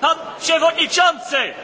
Pan Przewodniczący!